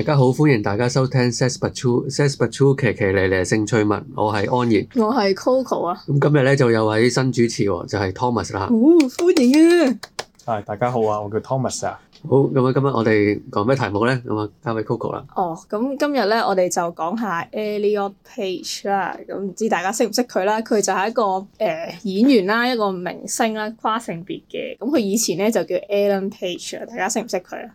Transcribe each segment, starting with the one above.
大家好，歡迎大家收聽《Sex Patrol》《Sex Patrol》奇奇咧咧性趣聞，我係安然，我係 Coco 啊。咁今日咧就有位新主持，就係、是、Thomas 啦。哦，歡迎啊！係大家好啊，我叫 Thomas 啊。好，咁啊，今日我哋講咩題目咧？咁啊，交俾 Coco 啦。哦，咁今日咧我哋就講下 Elliot Page 啦。咁唔知大家識唔識佢啦？佢就係一個誒、呃、演員啦，一個明星啦，跨性別嘅。咁佢以前咧就叫 Ellen Page 啊，大家識唔識佢啊？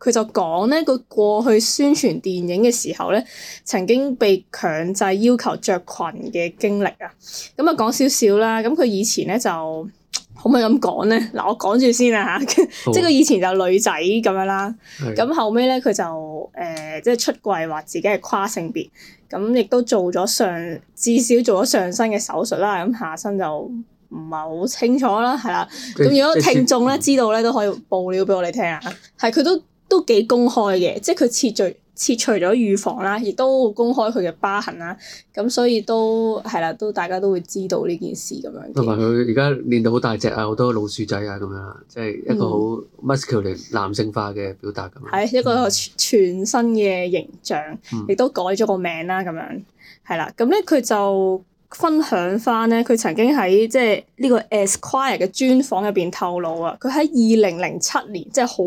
佢就講咧，佢過去宣傳電影嘅時候咧，曾經被強制要求着裙嘅經歷啊。咁啊，講少少啦。咁佢以前咧就可唔可以咁講咧？嗱，我講住先啊嚇。即係佢以前就女仔咁樣啦。咁後尾咧，佢就誒即係出櫃話自己係跨性別。咁亦都做咗上至少做咗上身嘅手術啦。咁下身就唔係好清楚啦，係啦。咁如果聽眾咧知道咧，都可以報料俾我哋聽啊。係佢都。都幾公開嘅，即係佢切除切除咗乳房啦，亦都公開佢嘅疤痕啦，咁所以都係啦，都大家都會知道呢件事咁樣。同埋佢而家練到好大隻啊，好多老鼠仔啊咁樣，即係一個好 muscular 男性化嘅表達咁。係、嗯、一,一個全新嘅形象，亦、嗯、都改咗個名啦，咁樣係啦，咁咧佢就，分享翻咧，佢曾經喺即係呢、這個 Esquire 嘅專訪入邊透露啊，佢喺二零零七年，即係好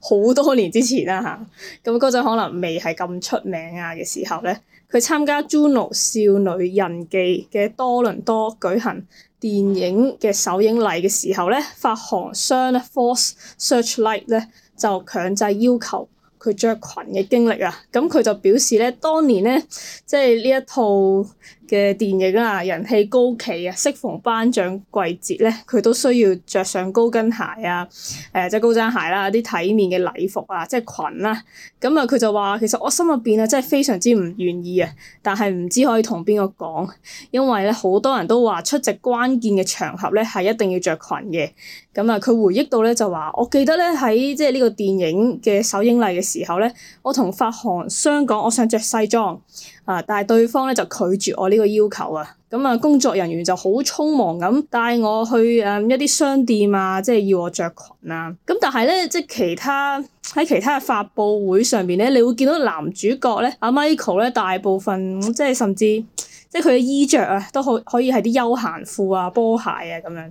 好多年之前啦嚇，咁嗰陣可能未係咁出名啊嘅時候咧，佢參加《Juno 少女印記》嘅多倫多舉行電影嘅首映禮嘅時候咧，發行商咧 Force Searchlight 咧就強制要求佢着裙嘅經歷啊，咁佢就表示咧，當年咧即係呢一套。嘅電影啊，人氣高企啊！適逢頒獎季節咧，佢都需要着上高跟鞋啊，誒、呃、即係高踭鞋啦，啲體面嘅禮服啊，即係裙啦。咁啊，佢就話：其實我心入邊啊，真係非常之唔願意啊！但係唔知可以同邊個講，因為咧好多人都話出席關鍵嘅場合咧，係一定要着裙嘅。咁啊，佢回憶到咧就話：我記得咧喺即係呢個電影嘅首映禮嘅時候咧，我同發行商講我想着西裝。啊！但係對方咧就拒絕我呢個要求啊，咁、嗯、啊工作人員就好匆忙咁帶我去誒、嗯、一啲商店啊，即係要我着裙啊。咁、嗯、但係咧，即係其他喺其他嘅發布會上邊咧，你會見到男主角咧，阿、啊、Michael 咧，大部分即係甚至即係佢嘅衣着啊，都可可以係啲休閒褲啊、波鞋啊咁樣。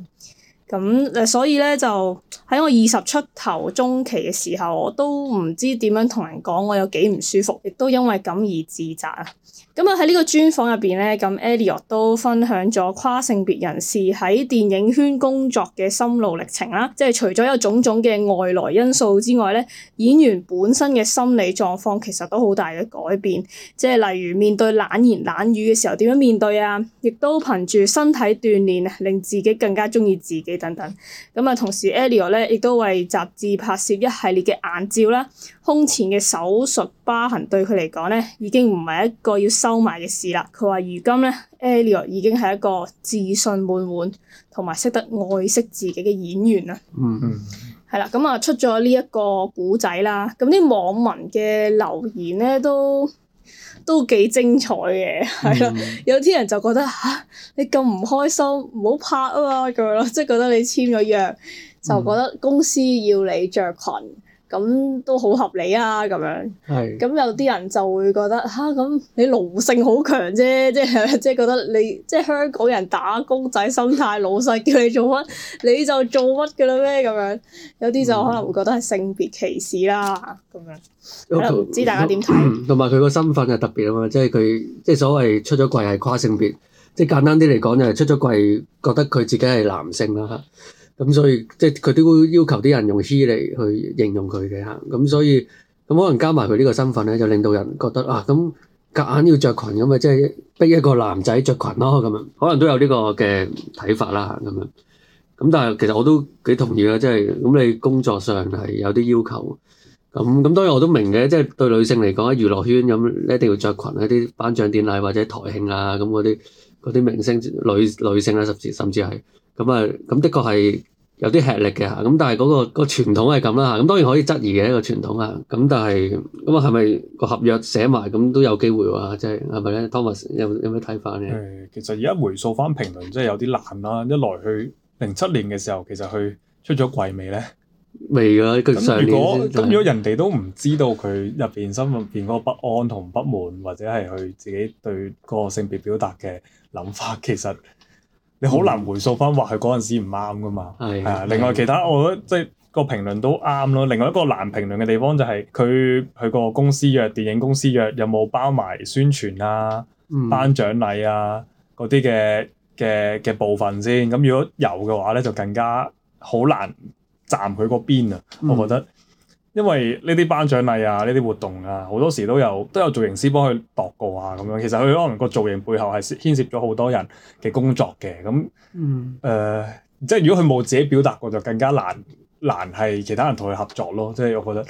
咁、嗯、誒、嗯，所以咧就喺我二十出頭中期嘅時候，我都唔知點樣同人講我有幾唔舒服，亦都因為咁而自責啊。咁啊喺呢個專訪入邊咧，咁 Elliot 都分享咗跨性別人士喺電影圈工作嘅心路歷程啦。即係除咗有種種嘅外來因素之外咧，演員本身嘅心理狀況其實都好大嘅改變。即係例如面對冷言冷語嘅時候點樣面對啊，亦都憑住身體鍛煉令自己更加中意自己等等。咁啊，同時 Elliot 咧亦都為雜誌拍攝一系列嘅眼照啦，胸前嘅手術，疤痕對佢嚟講咧，已經唔係一個要收埋嘅事啦。佢話：如今咧 Elio 已經係一個自信滿滿同埋識得愛惜自己嘅演員啦。嗯嗯、mm。係、hmm. 啦，咁啊出咗呢一個古仔啦，咁啲網民嘅留言咧都都幾精彩嘅，係咯。Mm hmm. 有啲人就覺得嚇、啊、你咁唔開心，唔好拍啊嘛咁樣咯，即、就、係、是、覺得你簽咗約就覺得公司要你着裙。Mm hmm. 咁都好合理啊，咁樣。係。咁有啲人就會覺得吓，咁你奴性好強啫，即係即係覺得你即係香港人打工仔心態，老細叫你做乜你就做乜嘅嘞咩？咁樣。有啲就可能會覺得係性別歧視啦，咁樣。可能唔、嗯、知大家點睇。同埋佢個身份又特別啊嘛，即係佢即係所謂出咗櫃係跨性別，即係簡單啲嚟講就係出咗櫃，覺得佢自己係男性啦。咁、嗯、所以即係佢都要求啲人用 he 嚟去形容佢嘅嚇，咁、嗯、所以咁、嗯、可能加埋佢呢個身份咧，就令到人覺得啊，咁、嗯、夾硬要着裙咁咪，即係逼一個男仔着裙咯咁啊，可能都有呢個嘅睇法啦嚇咁樣。咁但係其實我都幾同意啊，即係咁你工作上係有啲要求，咁咁當然我都明嘅，即係對女性嚟講喺娛樂圈咁，你一定要着裙一啲頒獎典禮或者台慶啊咁嗰啲。嗰啲明星女女性咧，甚至甚至係咁啊，咁的確係有啲吃力嘅嚇。咁但係嗰個個傳統係咁啦嚇。咁當然可以質疑嘅一個傳統啊。咁但係咁啊，係咪個合約寫埋咁都有機會話，即係係咪咧？Thomas 有有咩睇法咧？誒，其實而家回溯翻評論，即係有啲難啦。一來去零七年嘅時候，其實佢出咗櫃未咧未㗎，跟上年先。咁如果咁如果人哋都唔知道佢入邊心入邊嗰個不安同不滿，或者係佢自己對個性別表達嘅。諗法其實你好難回溯翻話佢嗰陣時唔啱㗎嘛，係啊的。的另外其他我覺得即係個評論都啱咯。另外一個難評論嘅地方就係佢佢個公司約電影公司約有冇包埋宣傳啊、嗯、頒獎禮啊嗰啲嘅嘅嘅部分先。咁如果有嘅話咧，就更加好難站佢個邊啊。嗯、我覺得。因為呢啲頒獎禮啊，呢啲活動啊，好多時都有都有造型師幫佢度過啊，咁樣其實佢可能個造型背後係牽涉咗好多人嘅工作嘅，咁誒、嗯呃，即係如果佢冇自己表達過，就更加難難係其他人同佢合作咯，即係我覺得，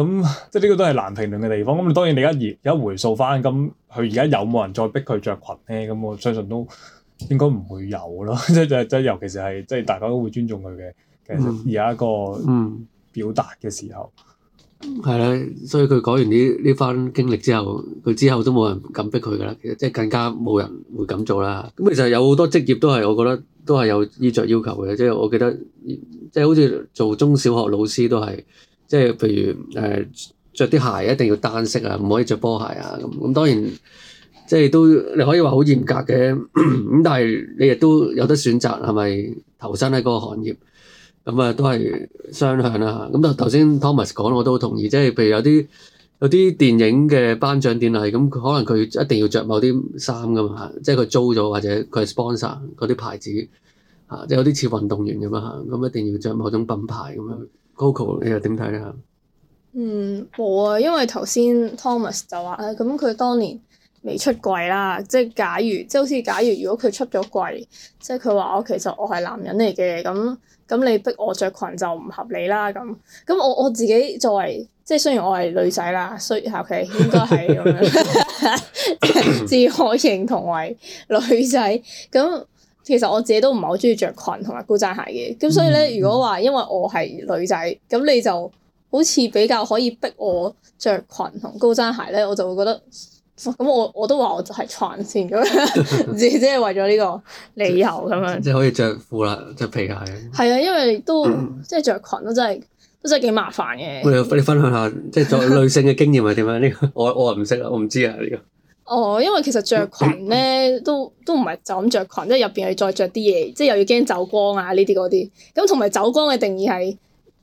咁即係呢個都係難評論嘅地方。咁當然你而家而家回溯翻，咁佢而家有冇人再逼佢着裙咧？咁我相信都應該唔會有咯，即係即係，尤其是係即係大家都會尊重佢嘅。其實而家一個嗯。表達嘅時候，係啦，所以佢講完呢呢番經歷之後，佢之後都冇人敢逼佢噶啦，其實即係更加冇人會咁做啦。咁其實有好多職業都係，我覺得都係有衣着要求嘅，即係我記得，即係好似做中小學老師都係，即係譬如誒着啲鞋一定要單色啊，唔可以着波鞋啊。咁咁當然，即係都你可以話好嚴格嘅，咁 但係你亦都有得選擇，係咪投身喺嗰個行業？咁啊，都係雙向啦。咁頭頭先 Thomas 講，我都同意，即係譬如有啲有啲電影嘅頒獎典禮，咁可能佢一定要着某啲衫噶嘛，即係佢租咗或者佢 sponsor 嗰啲牌子嚇，即係有啲似運動員咁啊，咁一定要着某種品牌咁樣。Coco，你又點睇啊？嗯，冇啊，因為頭先 Thomas 就話誒，咁佢當年，未出櫃啦，即係假如即係好似，假如如果佢出咗櫃，即係佢話我其實我係男人嚟嘅，咁咁你逼我着裙就唔合理啦。咁咁我我自己作為即係雖然我係女仔啦，所以其、okay，應該係咁樣 自我認同為女仔。咁其實我自己都唔係好中意着裙同埋高踭鞋嘅。咁所以咧，如果話因為我係女仔，咁你就好似比較可以逼我着裙同高踭鞋咧，我就會覺得。咁我我都話我就係闖先，咗，唔知即係為咗呢個理由咁樣。 即係可以着褲啦，着皮鞋。係啊，因為都、嗯、即係着裙咯，真係都真係幾麻煩嘅。你分享下 即係女性嘅經驗係點樣？呢個我我唔識啊，我唔知啊呢個。哦，因為其實着裙咧都都唔係就咁着裙， 即係入邊要再着啲嘢，即係又要驚走光啊呢啲嗰啲。咁同埋走光嘅定義係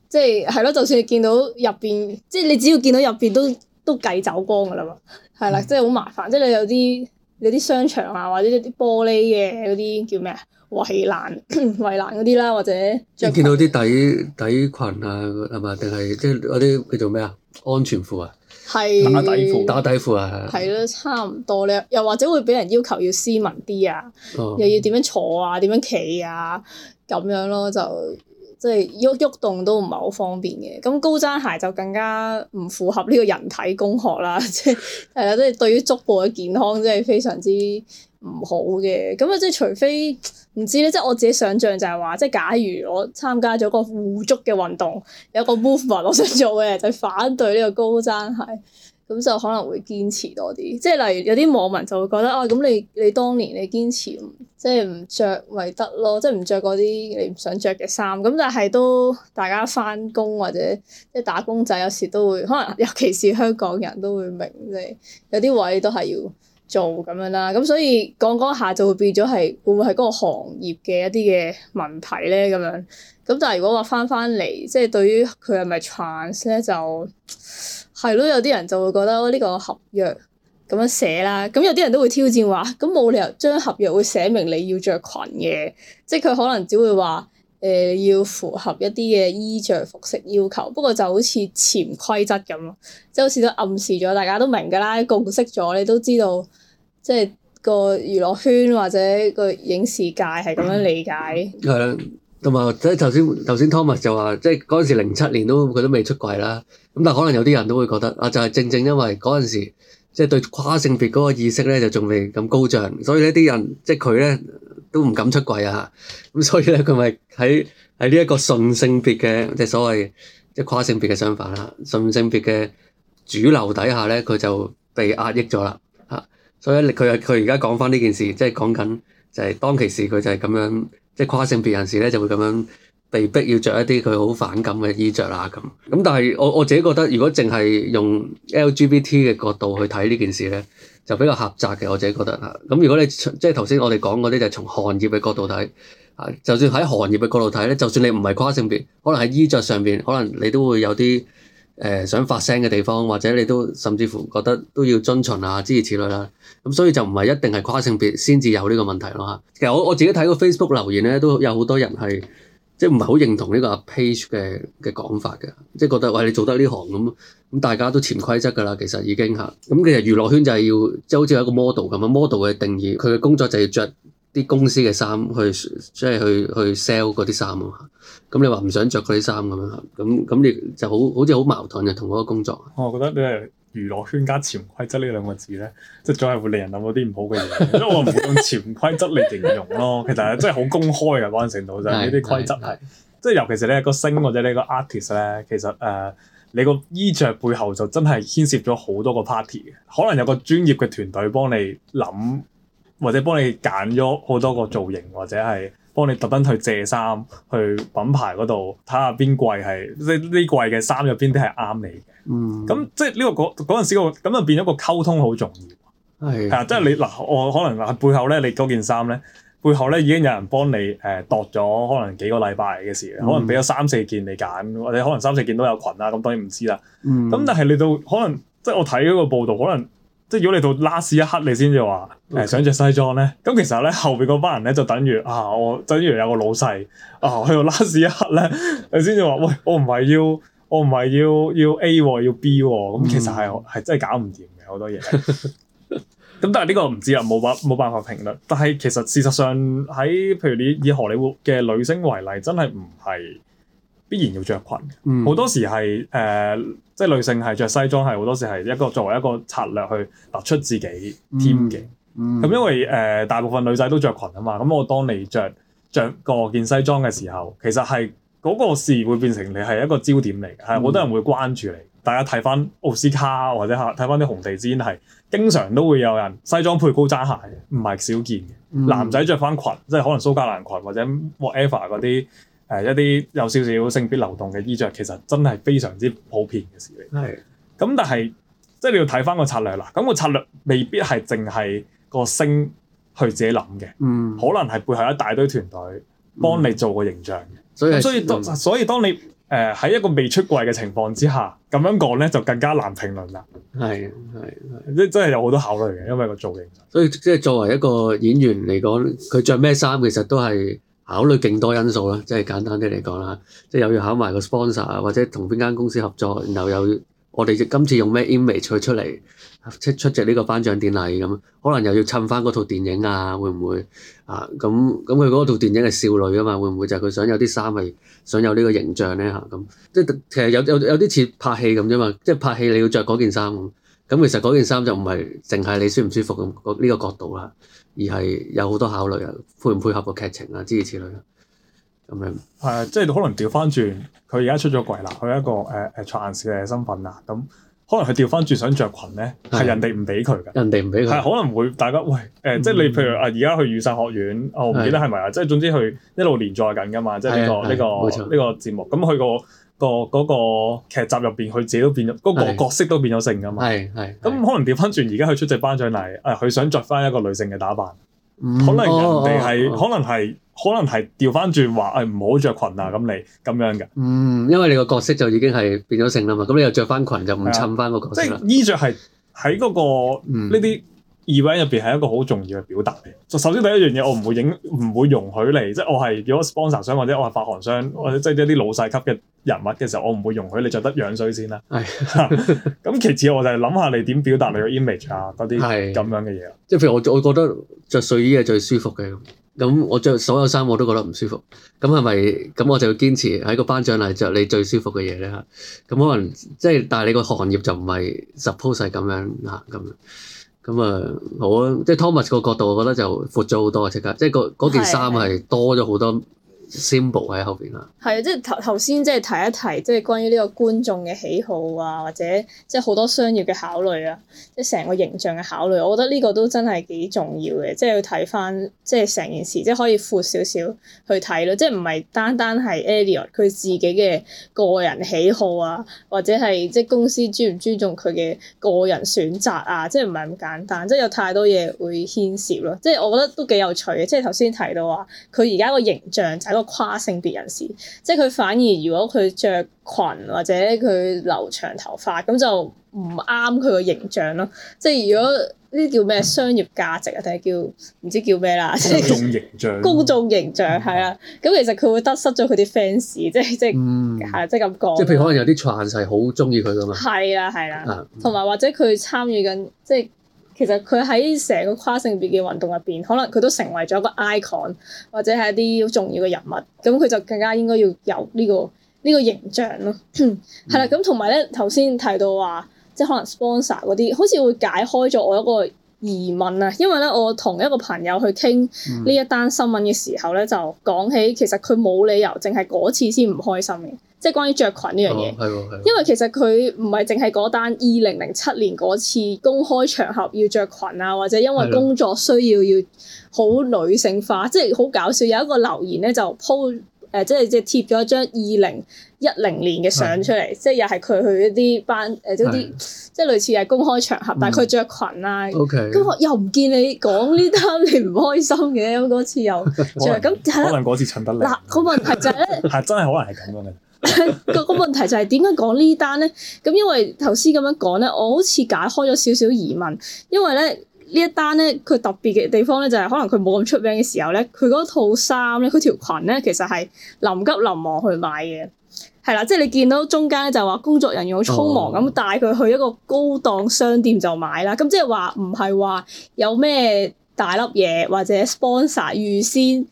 即係係咯，就算你見到入邊，即、就、係、是、你只要見到入邊、就是就是就是就是、都都計走光噶啦嘛。就是係啦，即係好麻煩，即係你有啲有啲商場啊，或者啲玻璃嘅嗰啲叫咩啊？圍欄、圍欄嗰啲啦，或者見到啲底底裙啊，係咪？定係即係嗰啲叫做咩啊？安全褲啊？係打底褲，打底褲啊！係咯，差唔多咧。又或者會俾人要求要斯文啲啊，哦、又要點樣坐啊，點樣企啊，咁樣咯就～即係喐喐動都唔係好方便嘅，咁高踭鞋就更加唔符合呢個人體工學啦，即係係啦，即係對於足部嘅健康真係非常之唔好嘅。咁啊，即係除非唔知咧，即係我自己想象就係話，即係假如我參加咗個護足嘅運動，有個 movement 我想做嘅，就係反對呢個高踭鞋。咁就可能會堅持多啲，即係例如有啲網民就會覺得哦，咁你你當年你堅持即係唔着咪得咯，即係唔着嗰啲你唔想着嘅衫，咁但係都大家返工或者即係打工仔有時都會，可能尤其是香港人都會明，即係有啲位都係要。做咁樣啦，咁所以講講下就會變咗係，會唔會係嗰個行業嘅一啲嘅問題咧？咁樣，咁但係如果話翻翻嚟，即係對於佢係咪 trans 咧，就係咯，有啲人就會覺得呢個合約咁樣寫啦，咁有啲人都會挑戰話，咁冇理由將合約會寫明你要着裙嘅，即係佢可能只會話。誒要符合一啲嘅衣着、服飾要求，不過就好似潛規則咁咯，即係好似都暗示咗，大家都明㗎啦，共識咗，你都知道，即係個娛樂圈或者個影視界係咁樣理解。係啦、嗯，同埋即係頭先頭先，Thomas 就話，即係嗰陣時零七年都佢都未出櫃啦，咁但係可能有啲人都會覺得啊，就係、是、正正因為嗰陣時即係對跨性別嗰個意識咧就仲未咁高漲，所以呢啲人即係佢咧。都唔敢出櫃啊！咁所以咧，佢咪喺喺呢一個順性別嘅，即係所謂即係跨性別嘅相反啦。順性別嘅主流底下咧，佢就被壓抑咗啦。嚇、啊！所以咧，佢佢而家講翻呢件事，即係講緊就係當其時，佢就係咁樣，即係跨性別人士咧就會咁樣。被迫要着一啲佢好反感嘅衣着啦，咁咁但係我我自，我自己覺得，如果淨係用 LGBT 嘅角度去睇呢件事咧，就比較狹窄嘅。我自己覺得啊，咁如果你即係頭先我哋講嗰啲，就係從行業嘅角度睇啊，就算喺行業嘅角度睇咧，就算你唔係跨性別，可能喺衣着上邊，可能你都會有啲誒、呃、想發聲嘅地方，或者你都甚至乎覺得都要遵循啊，諸如此類啦、啊。咁所以就唔係一定係跨性別先至有呢個問題咯嚇。其實我我自己睇過 Facebook 留言咧，都有好多人係。即係唔係好認同呢個阿、啊、Page 嘅嘅講法嘅，即係覺得喂、哎、你做得呢行咁，咁大家都潛規則㗎啦，其實已經吓，咁其實娛樂圈就係要即係、就是、好似有一個 model 咁樣，model 嘅定義，佢嘅工作就係着啲公司嘅衫去，即係去去 sell 嗰啲衫啊嘛。咁你話唔想着嗰啲衫咁樣，咁咁你就好好似好矛盾嘅同嗰個工作。我、哦、覺得你係。娛樂圈加潛規則呢兩個字咧，即係總係會令人諗到啲唔好嘅嘢。因為我唔會用潛規則嚟形容咯，其實真係好公開嘅，某程度就係呢啲規則係，即係 尤其是咧個星或者個呢個 artist 咧，其實誒、呃、你個衣着背後就真係牽涉咗好多個 party 嘅，可能有個專業嘅團隊幫你諗或者幫你揀咗好多個造型或者係。幫你特登去借衫，去品牌嗰度睇下邊櫃係呢呢季嘅衫入邊啲係啱你嘅。咁、嗯、即係呢個嗰嗰陣時個，咁、那個、就變咗個溝通好重要。係、哎、呀啊，嗯、即係你嗱，我可能嗱背後咧，你嗰件衫咧，背後咧已經有人幫你誒度咗，呃嗯、可能幾個禮拜嘅事，可能俾咗三四件你揀，或者可能三四件都有裙啦，咁當然唔知啦。咁、嗯、但係你到可能即係我睇嗰個報導，可能。即係如果你到 last 一刻你先至話誒想着西裝咧，咁其實咧後邊嗰班人咧就等於啊，我等於有個老細啊去到 last 一刻咧，你先至話喂，我唔係要我唔係要要 A 要 B 咁、啊、其實係係真係搞唔掂嘅好多嘢。咁 但係呢個唔知啊，冇法冇辦法評論。但係其實事實上喺譬如你以荷里活嘅女星為例，真係唔係，必然要着裙，好、嗯、多時係誒、呃，即係女性係着西裝，係好多時係一個作為一個策略去突出自己添嘅。咁、嗯嗯、因為誒、呃，大部分女仔都着裙啊嘛，咁我當你着著個件西裝嘅時候，其實係嗰個事會變成你係一個焦點嚟嘅，係好、嗯、多人會關注你。大家睇翻奧斯卡或者睇翻啲紅地毯，係經常都會有人西裝配高踭鞋，唔係少見嘅。嗯、男仔着翻裙，即係可能蘇格蘭裙或者 whatever 嗰啲。誒、呃、一啲有少少性別流動嘅衣着，其實真係非常之普遍嘅事嚟。係是的，咁但係即係你要睇翻個策略啦。咁、個策略未必係淨係個星去自己諗嘅，嗯，可能係背後一大堆團隊幫你做個形象嘅。咁、嗯、所以當、嗯、所、所以當你誒喺一個未出櫃嘅情況之下，咁樣講咧就更加難評論啦。係啊係啊，即係真係有好多考慮嘅，因為個造型。所以即係作為一個演員嚟講，佢着咩衫其實都係。考慮勁多因素啦，即係簡單啲嚟講啦，即又要考埋個 sponsor 或者同邊間公司合作，然後又我哋今次用咩 image 去出嚟，出席呢個頒獎典禮咁，可能又要襯翻嗰套電影啊，會唔會啊？咁咁佢嗰套電影係少女啊嘛，會唔會就係佢想有啲衫係想有呢個形象呢？嚇？咁、嗯、即其實有有啲似拍戲咁啫嘛，即拍戲你要着嗰件衫。咁其實嗰件衫就唔係淨係你舒唔舒服咁呢個角度啦，而係有好多考慮啊，配唔配合個劇情啊，諸如此類咁樣。誒，即係可能調翻轉，佢而家出咗櫃啦，佢有一個誒誒賽嘅身份啊，咁可能佢調翻轉想着裙咧，係人哋唔俾佢嘅。人哋唔俾佢。係可能會大家喂誒，即係你譬如啊，而家去雨傘學院，我唔記得係咪啊，即係總之佢一路連載緊㗎嘛，即係呢個呢個呢個節目，咁佢個，個嗰個劇集入邊，佢自己都變咗，嗰是個角色都變咗性噶嘛。係係。咁可能調翻轉，而家佢出席頒獎禮，誒，佢想着翻一個女性嘅打扮。嗯、可能人哋係，可能係，可能係調翻轉話，誒，唔好着裙啊，咁你咁樣嘅。嗯，因為你個角色就已經係變咗性啦嘛。咁你又着翻裙就唔襯翻個角色，啊、即係衣着係喺嗰個呢啲。嗯 event 入邊係一個好重要嘅表達嘅。就首先第一樣嘢，我唔會影，唔會容許你即係我係如果 sponsor 商或者我係發行商，或者即係一啲老細級嘅人物嘅時候，我唔會容許你着得樣衰先啦。係咁唉， 其次我就係諗下你點表達你嘅 image 啊，嗰啲咁樣嘅嘢。即係譬如我我覺得着睡衣係最舒服嘅咁，我着所有衫我都覺得唔舒服。咁係咪咁我就要堅持喺個頒獎禮着你最舒服嘅嘢咧？咁可能即係，但係你個行業就唔係 suppose 係咁樣啊咁。咁啊，好啊，即係 Thomas 個角度，我覺得就闊咗好多啊！即刻，即係嗰件衫係多咗好多。symbol 喺後邊啦，係啊，即係頭頭先即係提一提，即係關於呢個觀眾嘅喜好啊，或者即係好多商業嘅考慮啊，即係成個形象嘅考慮，我覺得呢個都真係幾重要嘅，即係要睇翻即係成件事，即係可以闊少少去睇咯，即係唔係單單係 Elliot 佢自己嘅個人喜好啊，或者係即係公司尊唔尊重佢嘅個人選擇啊，即係唔係咁簡單，即係有太多嘢會牽涉咯，即係我覺得都幾有趣嘅，即係頭先提到話佢而家個形象就係。個跨性別人士，即係佢反而如果佢着裙或者佢留長頭髮，咁就唔啱佢個形象咯。即係如果呢啲叫咩商業價值啊，定係叫唔知叫咩啦？公眾形象， 公眾形象係啦。咁、嗯啊、其實佢會得失咗佢啲 fans，即係即係係即係咁講。即係、啊嗯、譬如可能有啲 fans 好中意佢噶嘛。係啦係啦，同埋、啊嗯、或者佢參與緊即係。其實佢喺成個跨性別嘅運動入邊，可能佢都成為咗一個 icon，或者係一啲好重要嘅人物，咁佢就更加應該要有呢個呢個形象咯。係啦，咁同埋咧，頭先 提到話，即係可能 sponsor 嗰啲，好似會解開咗我一個疑問啊，因為咧，我同一個朋友去傾呢一單新聞嘅時候咧，嗯、就講起其實佢冇理由，淨係嗰次先唔開心嘅，嗯、即係關於着裙呢樣嘢。哦、係喎、因為其實佢唔係淨係嗰單二零零七年嗰次公開場合要着裙啊，或者因為工作需要要好女性化，的即係好搞笑。有一個留言咧就 po 誒即係是即係貼咗張二零一零年嘅相出嚟，是即係又係佢去一啲班誒嗰啲，即係類似係公開場合，嗯、但係佢着裙啦。咁 Okay, 我又唔見你講呢單， 你唔開心嘅。咁嗰次又，咁 可能嗰、就是、次襯得嚟。嗱，個問題就係、是、咧，係 真係可能係咁樣嘅。個 個 問題就係點解講呢單咧？咁因為頭先咁樣講咧，我好似解開咗少少疑問，因為咧。一呢一單咧，佢特別嘅地方咧，就係可能佢冇咁出名嘅時候咧，佢嗰套衫咧，佢條裙咧，其實係臨急臨忙去買嘅，係啦，即係你見到中間咧就話工作人員好匆忙咁帶佢去一個高檔商店就買啦，咁、哦、即係話唔係話有咩大粒嘢或者 sponsor 預先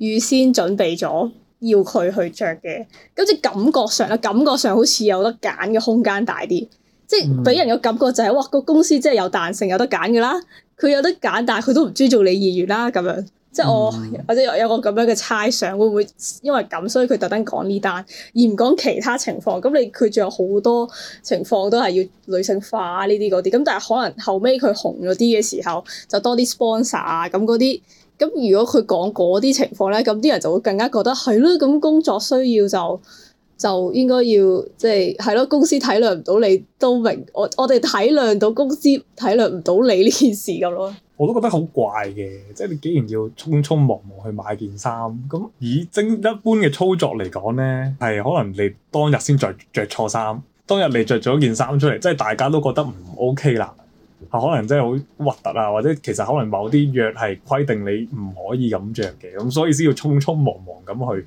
預先準備咗要佢去着嘅，咁即係感覺上啦，感覺上好似有得揀嘅空間大啲。即係俾人嘅感覺就係、是、哇個公司真係有彈性有得揀㗎啦，佢有得揀，但係佢都唔尊重你意願啦咁樣。即係我或者有，有個咁樣嘅猜想，會唔會因為咁所以佢特登講呢單，而唔講其他情況？咁你佢仲有好多情況都係要女性化呢啲嗰啲，咁但係可能後尾佢紅咗啲嘅時候，就多啲 sponsor 啊咁嗰啲。咁如果佢講嗰啲情況咧，咁啲人就會更加覺得係咯，咁工作需要就。就應該要即係係咯，公司體諒唔到你都明，我我哋體諒到公司體諒唔到你呢件事咁咯。我都覺得好怪嘅，即係你竟然要匆匆忙忙去買件衫，咁以正一般嘅操作嚟講咧，係可能你當日先着著錯衫，當日你着咗件衫出嚟，即係大家都覺得唔 OK 啦，可能真係好核突啊，或者其實可能某啲約係規定你唔可以咁着嘅，咁所以先要匆匆忙忙咁去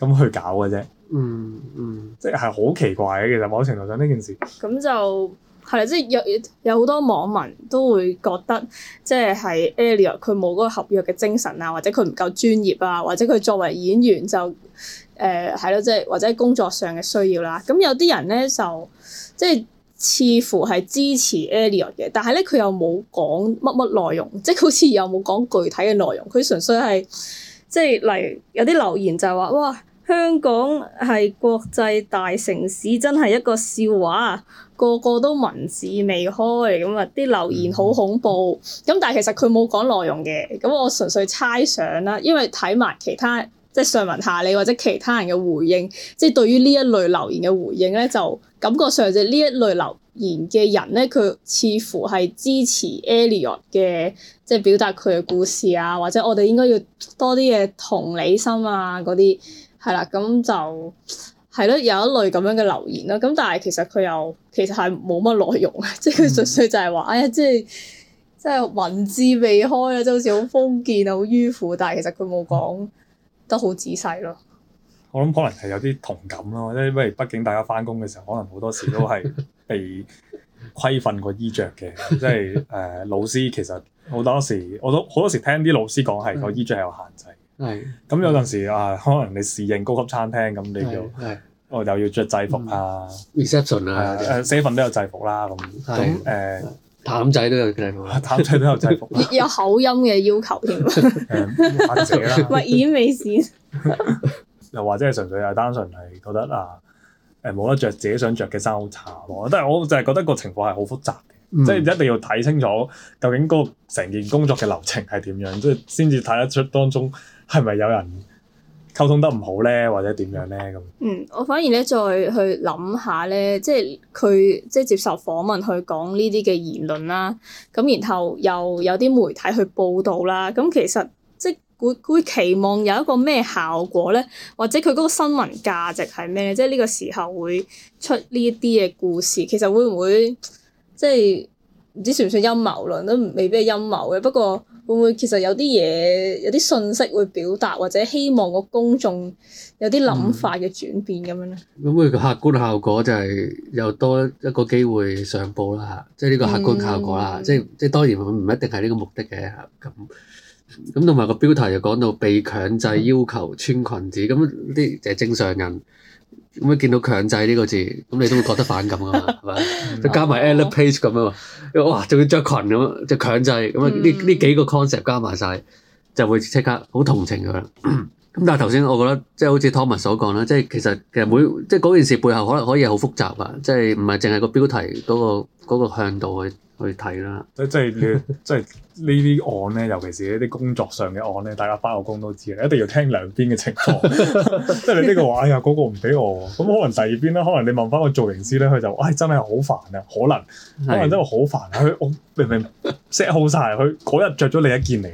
咁去搞嘅啫。嗯嗯，即係好奇怪嘅，其實某程度上呢件事咁就係啦，即係有有好多網民都會覺得即係係 e l i e 佢冇嗰個合約嘅精神啊，或者佢唔夠專業啊，或者佢作為演員就誒係咯，即、呃、係或者工作上嘅需要啦。咁有啲人咧就即係似乎係支持 e l i e 嘅，但係咧佢又冇講乜乜內容，即係好似又冇講具體嘅內容，佢純粹係即係例如有啲留言就係話哇。香港係國際大城市，真係一個笑話啊！個個都文字未開咁啊，啲留言好恐怖。咁但係其實佢冇講內容嘅，咁我純粹猜想啦。因為睇埋其他即係上文下理或者其他人嘅回應，即係對於呢一類留言嘅回應咧，就感覺上就呢一類留言嘅人咧，佢似乎係支持 Elliot 嘅，即係表達佢嘅故事啊，或者我哋應該要多啲嘅同理心啊嗰啲。係啦，咁就係咯，有一類咁樣嘅留言咯。咁但係其實佢又其實係冇乜內容，即係佢純粹就係話，嗯、哎呀，即係即係文字未開啊，即好似好封建啊，好迂腐。但係其實佢冇講得好仔細咯，嗯。我諗可能係有啲同感咯，因為畢竟大家翻工嘅時候，可能好多時都係被規訓個衣着嘅， 即係誒、呃、老師其實好多時我都好多時聽啲老師講係個衣着係有限制。嗯係，咁有陣時啊，可能你侍應高級餐廳咁，你就我又要着制服啊，reception 啊，寫份都有制服啦，咁咁誒，譚仔都有制服，譚仔都有制服，有口音嘅要求添，或者啦，唔係演味線，又或者係純粹係單純係覺得啊，誒冇得着，自己想着嘅衫好差，但係我就係覺得個情況係好複雜，即係一定要睇清楚究竟嗰成件工作嘅流程係點樣，即係先至睇得出當中。係咪有人溝通得唔好咧，或者點樣咧咁？嗯，我反而咧再去諗下咧，即係佢即係接受訪問去講呢啲嘅言論啦，咁然後又有啲媒體去報道啦，咁其實即係會會期望有一個咩效果咧，或者佢嗰個新聞價值係咩？即係呢個時候會出呢一啲嘅故事，其實會唔會即係唔知算唔算陰謀論，都未必係陰謀嘅，不過。會唔會其實有啲嘢，有啲信息會表達，或者希望個公眾有啲諗法嘅轉變咁樣咧？咁佢、嗯那個客觀效果就係又多一個機會上報啦，嚇，即係呢個客觀效果啦、嗯，即係即係當然唔一定係呢個目的嘅，嚇咁咁同埋個標題又講到被強制要求穿裙子，咁呢、嗯、就係正常人。咁一見到強制呢個字，咁你都會覺得反感㗎嘛，係嘛？ 就加埋 elephant 咁啊，哇！仲要著裙咁啊，即係強制咁啊，呢幾個 concept 加埋晒，就會即刻好同情佢。 咁但係頭先我覺得即係好似 Tommy 所講啦，即係其實其實每即係嗰件事背後可能可以好複雜啊，即係唔係淨係個標題嗰、嗰個嗰個向度去去睇啦。即即係你即係呢啲案咧，尤其是一啲工作上嘅案咧，大家翻個工都知啦，一定要聽兩邊嘅情況。 即係你呢、呢個話，哎呀嗰、嗰個唔俾我，咁可能第二邊咧，可能你問翻個造型師咧，佢就唉、哎，真係好煩啊，可能可能真係好煩啊。佢我明唔明 set 好晒，佢嗰日着咗另一件嚟，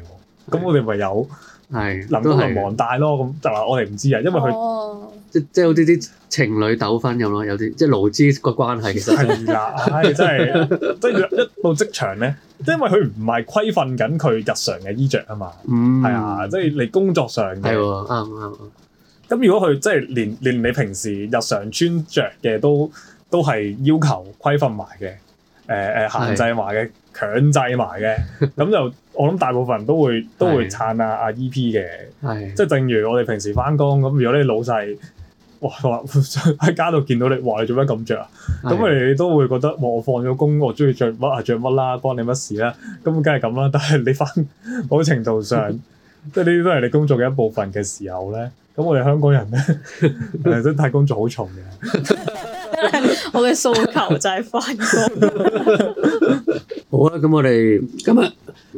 咁我哋咪有。 係，諗到係忙大咯咁，就話我哋唔知啊，因為佢、哦、即即係好似啲情侶糾紛咁咯，有啲即係勞資個關係其實係啊，係、 哎、真係即係一到職場咧，即因為佢唔係規範緊佢日常嘅衣着啊嘛，係啊、嗯，即係你工作上係，啱啱咁如果佢即係連連你平時日常穿着嘅都都係要求規範埋嘅。誒誒限制埋嘅強制埋嘅，咁就我諗大部分人都會都會撐下阿 EP 嘅，即係正如我哋平時翻工咁，如果你老細哇喺街度見到你，哇你做乜咁着，啊？咁佢哋都會覺得，我放咗工，我中意着乜啊着乜啦，關你乜事啦？咁梗係咁啦。但係你翻某程度上，即係呢啲都係你工作嘅一部分嘅時候咧，咁我哋香港人咧，其實都係工作好重嘅。 我嘅訴求就係返工。好啦，咁我哋今日，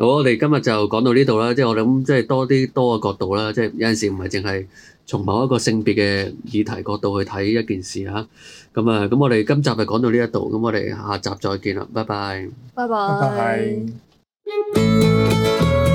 我哋今日就講到呢度啦。即係我諗，即係多啲多個角度啦。即係有陣時唔係淨係從某一個性別嘅議題角度去睇一件事吓，咁啊，咁我哋今集就講到呢一度，咁我哋下集再見啦。拜拜。拜拜。